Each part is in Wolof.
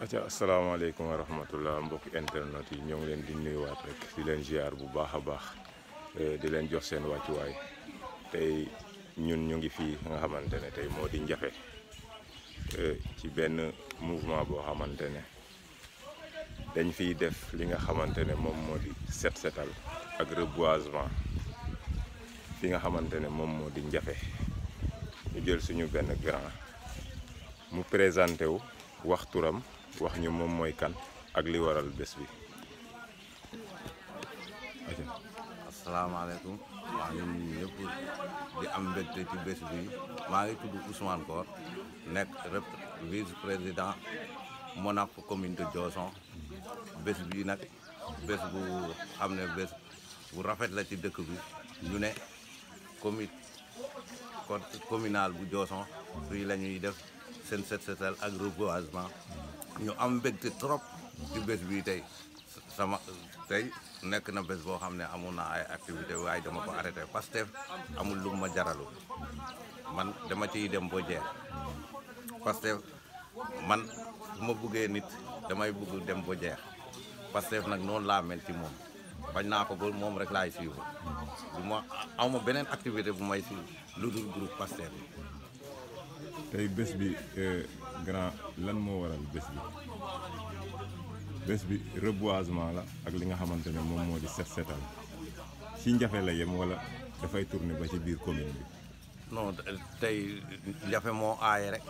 aca asalaamaaleykum wa rahmatullah mbokki internet yi ñoo ngi leen di nuyuwaat rek di leen ziar bu baax a baax eh, di leen jox seen wàccuwaay tey ñun ñu ngi fii nga xamante ne tey moo di njafe eh, ci benn mouvement boo xamante ne dañ fiy def li nga xamante ne moom moo di set setal ak reboisement fi nga xamante ne moom moo di njafe ñu jël suñu benn grand mu présenté wu wax turam wax ñu mom moy kan ak li waral bés bi. asalaamaaleykum maa ngi ñëpp di am mbégte ci bés bi maa ngi tuddu Ousmane Kor nek vice président MONAP commune de Dioson bés bi nak bes bu xam ne bu rafet la ci dëkk bi ñu ne commune communal bu Dioson fii la ñuy def seen set setal ak reboisement ñu am mbégte trop ci bés bii tey sama tey nekk na bés boo xam ne amoon naa ay activité waaye dama ko arrêté Pastef amul lu ma jaralu man dama ciy dem boo jeex Pastef man su ma buggee nit damay bugg dem ba jeex Pastef nag noonu laa mel ci moom bañ naa ko ba moom rek laay suivre du ma aw beneen activité bu may suivre lu dul groupe Pastef tey bés bi euh, grand lan moo waral bés bi bés bi reboisement la ak li nga xamante ne moom moo di set setal ci njafe la yem wala dafay tourner ba ci biir commune bi. non tey njafe moo aaye rek.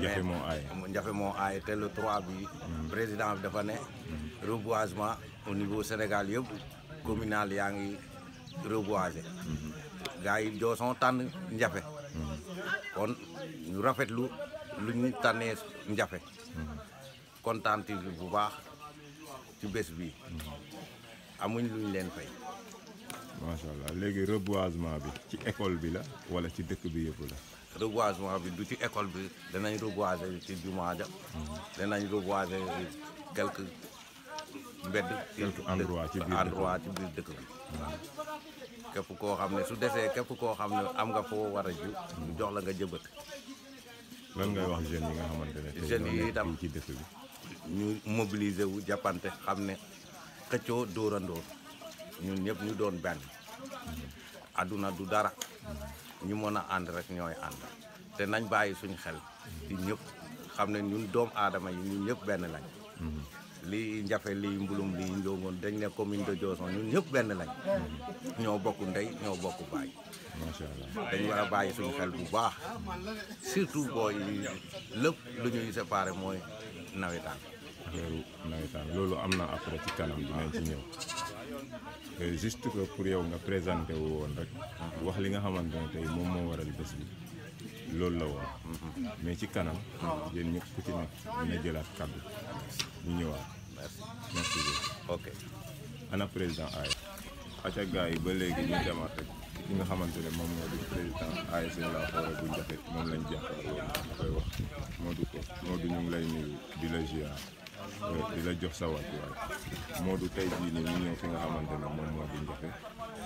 njafe moo aaye njafe te le 3 bi. Hmm. président bi dafa ne. Hmm. reboisement au niveau Sénégal yëpp communal yaa ngi reboisé. Hmm. gars yi doo tànn njafe. kon ñu rafetlu. lu ñu tànnee njafe kontaan bu baax ci bés bi amuñ luñ leen fay allah léegi reboisement bi ci école bi la wala ci dëkk bi yëpp la reboisement bi du ci école bi danañ reboiser ci jumaa ja danañ reboiser quelque mbedd quelque endroit ci biir endroit ci biir dëkk bi képp koo xam ne su defee képp koo xam ne am nga foo war a ji jox la nga jëbët lan ngay wax jeunes yi nga xamante ne jeunes yi itam ci dëkk bi ñu mobiliser wu jàppante xam ne xëccoo dóorandóor ñun ñëpp ñu doon benn adduna du dara ñu mën a ànd rek ñooy ànd te nañ bàyyi suñu xel ci ñëpp xam ne ñun doom aadama yi ñun ñëpp benn lañ li Njafe lii Mbulum lii Ndiogon dañ ne commune de Dioson ñun ñëpp benn lañ ñoo bokk ndey ñoo bokk baay macha allah war a bàyyi suñu xel bu baax surtout booy lépp lu ñuy séparé mooy nawetaan loolu nawetaan loolu am na après ci kanam dinañ ci ñëw juste que pour yow nga présenté wu woon rek ah. wax li nga xamante ne tey moom moo waral bés bi loolu la woon mais ci kanam yéen ñëpp ku ci nekk dina jëlaat kàddu ñu ñëwaat président ay yi ba léegi ñu demaat rek ki nga xamante ne moom moo di président ASC Law Xewre bu Njaxit moom lañ jàppal woon ma koy wax Modou ñu di la ziar di jox sa wàccuwaay Modou tey jii fi nga xamante ne moom moo di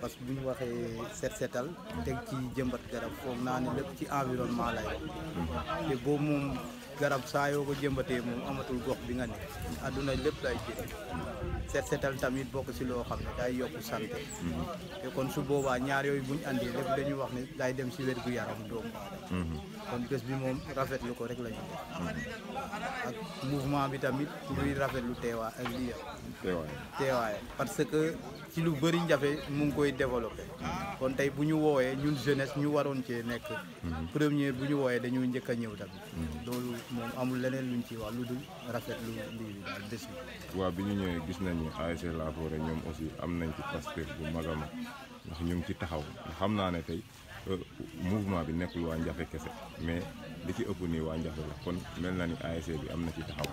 parce que bu ñu waxee set setal teg ci jëmbat garab foog naa lépp ci environnement lay te boobu moom garab saa yoo ko jëmbatee moom amatul gox bi nga ne àdduna lépp lay jëriñ set setal tamit bokk si loo xam ne day yokk santé te kon su boobaa ñaar yooyu buñ andee lépp dañuy wax ne day dem si wér gu yaram doomu aadama kon bés bi moom rafetlu ko rek la ak mouvement bi tamit luy rafetlu teewaay ak lii teewaay parce que ci lu bëri njafe mu ngi koy développé kon tey bu ñu woowee ñu jeunesse ñu waroon cee nekk mhm. premier bu ñu woowee dañuy njëkk a ñëw tamit mhm. loolu moom amul leneen luñ ci wax lu dul rafet lu lii bi daal bés bi waaw bi ñu ñëwee gis nañu ASC La Forêt ñoom aussi am nañ ci Pastef bu mag a mag ñu ngi ci taxaw xam naa ne tey euh, mouvement bi nekkul waa njafe kese mais li ci ëpp nii waa njafe la kon mel na ni ASC bi am na ci taxaw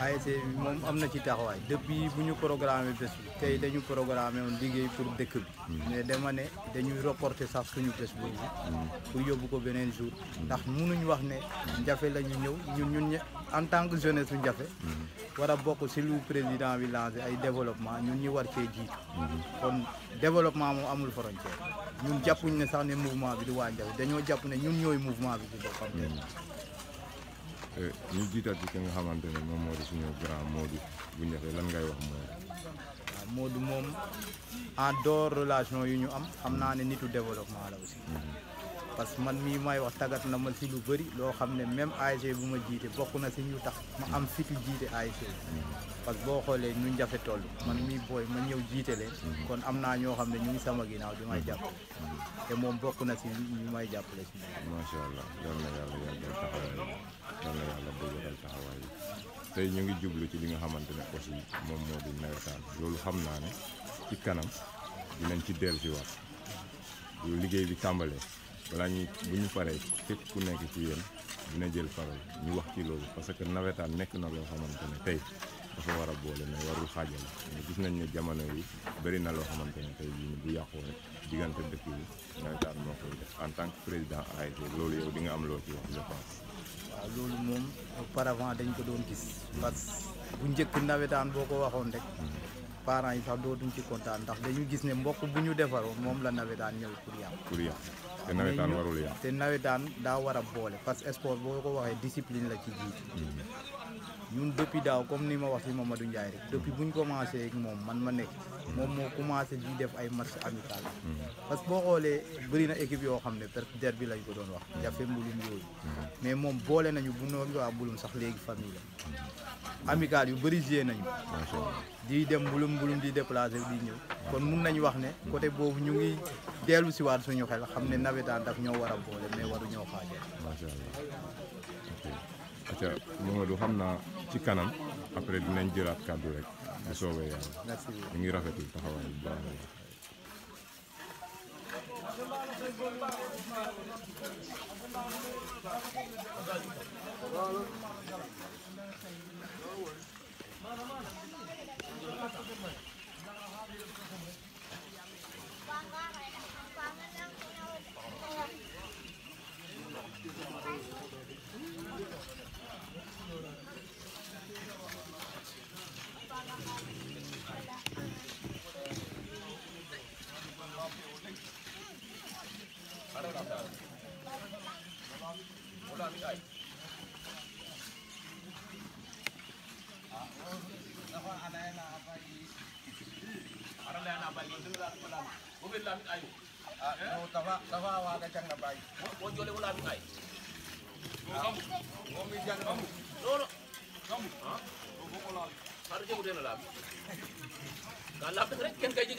ASC bi moom am na ci taxawaay depuis bu ñu programmé bés bi tey dañu programmé woon liggéey pour dëkk bi mais dama ne dañuy reporter sax suñu bés boobu pour yóbbu ko beneen jour ndax mënuñ wax ne Ndiaffé la ñu ñëw ñun ñun en tant que jeunesse su Ndiaffé war a bokk si lu président bi lancé ay développement ñun ñu war cee jiitu kon développement moom amul frontière ñun jàppuñ ne sax ne mouvement bi du waa Ndiaffé dañoo jàpp ne ñun ñooy mouvement bi ci boppam Eh, ñu jiital ci ki nga xamante ne moom moo di suñu grand Modou bu ñëwee lan ngay wax Modou. waaw Modou moom en dehors relation yu ñu am xam naa ne nitu développement la aussi. Mm-hmm. parce que man mii may wax tàggat na ma si lu bëri loo xam ne même ASC bu ma jiite bokk na si ñu tax ma am fitu jiite ASC parce boo xoolee ñu njafe toll man mii booy ma ñëw jiite leen kon am naa ñoo xam ne ñu ngi sama ginnaaw di may jàppale te moom bokk na si ñu may jàppale si macha allah yal ñu ngi jublu ci li nga xamante ne aussi moom moo di nawetaan loolu xam naa ne ci kanam dinañ ci dellusiwaat bu liggéey bi tàmbalee balaa ñuy bu ñu paree képp ku nekk ci yéen dina jël parole ñu wax ci loolu parce que nawetaan nekk na loo xamante ne tey dafa war a boole mais warul xaajale mais gis nañ ne jamono yi bëri na loo xamante ne tey jii bu yàqoo rek diggante dëkk yi nawetaan moo koy def en tant que président ASC loolu yow di nga am loo ci wax je waa waaw loolu moom auparavant dañ ko doon gis. parce bu njëkk nawetaan boo ko waxoon rek. Hmm. parent yi sax dootuñ ci kontaan ndax dañu gis ne mbokk bu ñu defaroo moom la nawetaan ñëw pour yàqu. pour yàqu. te nawetaan warul daa war a boole parce que sport boo ko waxee discipline la ci jiitu mm-hmm. ñun depuis daaw comme ni ma wax si Mamadou Ndiaye rek depuis bu ñu moom man ma nekk moom moo commencé di def ay match amical hmm. parce que boo xoolee bëri équipe yoo xam ne peut-être lañ ko doon wax hmm. jafe mbulum yooyu hmm. mais moom boole nañu bu noonu waa sax léegi famille la yu bëri joué nañu di dem mbulum mbulum di déplacé di ñëw kon mun nañu wax ne côté boobu ñu ngi dellu si waat suñu xel xam ne nawetaan daf ñoo war a boole mais waru ñoo xaajal macha xam naa ci kanam après dinañ jëlaat kàddu rek bu soobee yàlla ñu ngi rafetul taxawaay bu baax a wo ɓe laaɓi ɗayo tawa waga jangna mbayi wo jole wo laaɓi ɗay wo mi jang ɗono gambu har jegu teno laaɓi ka laaɓ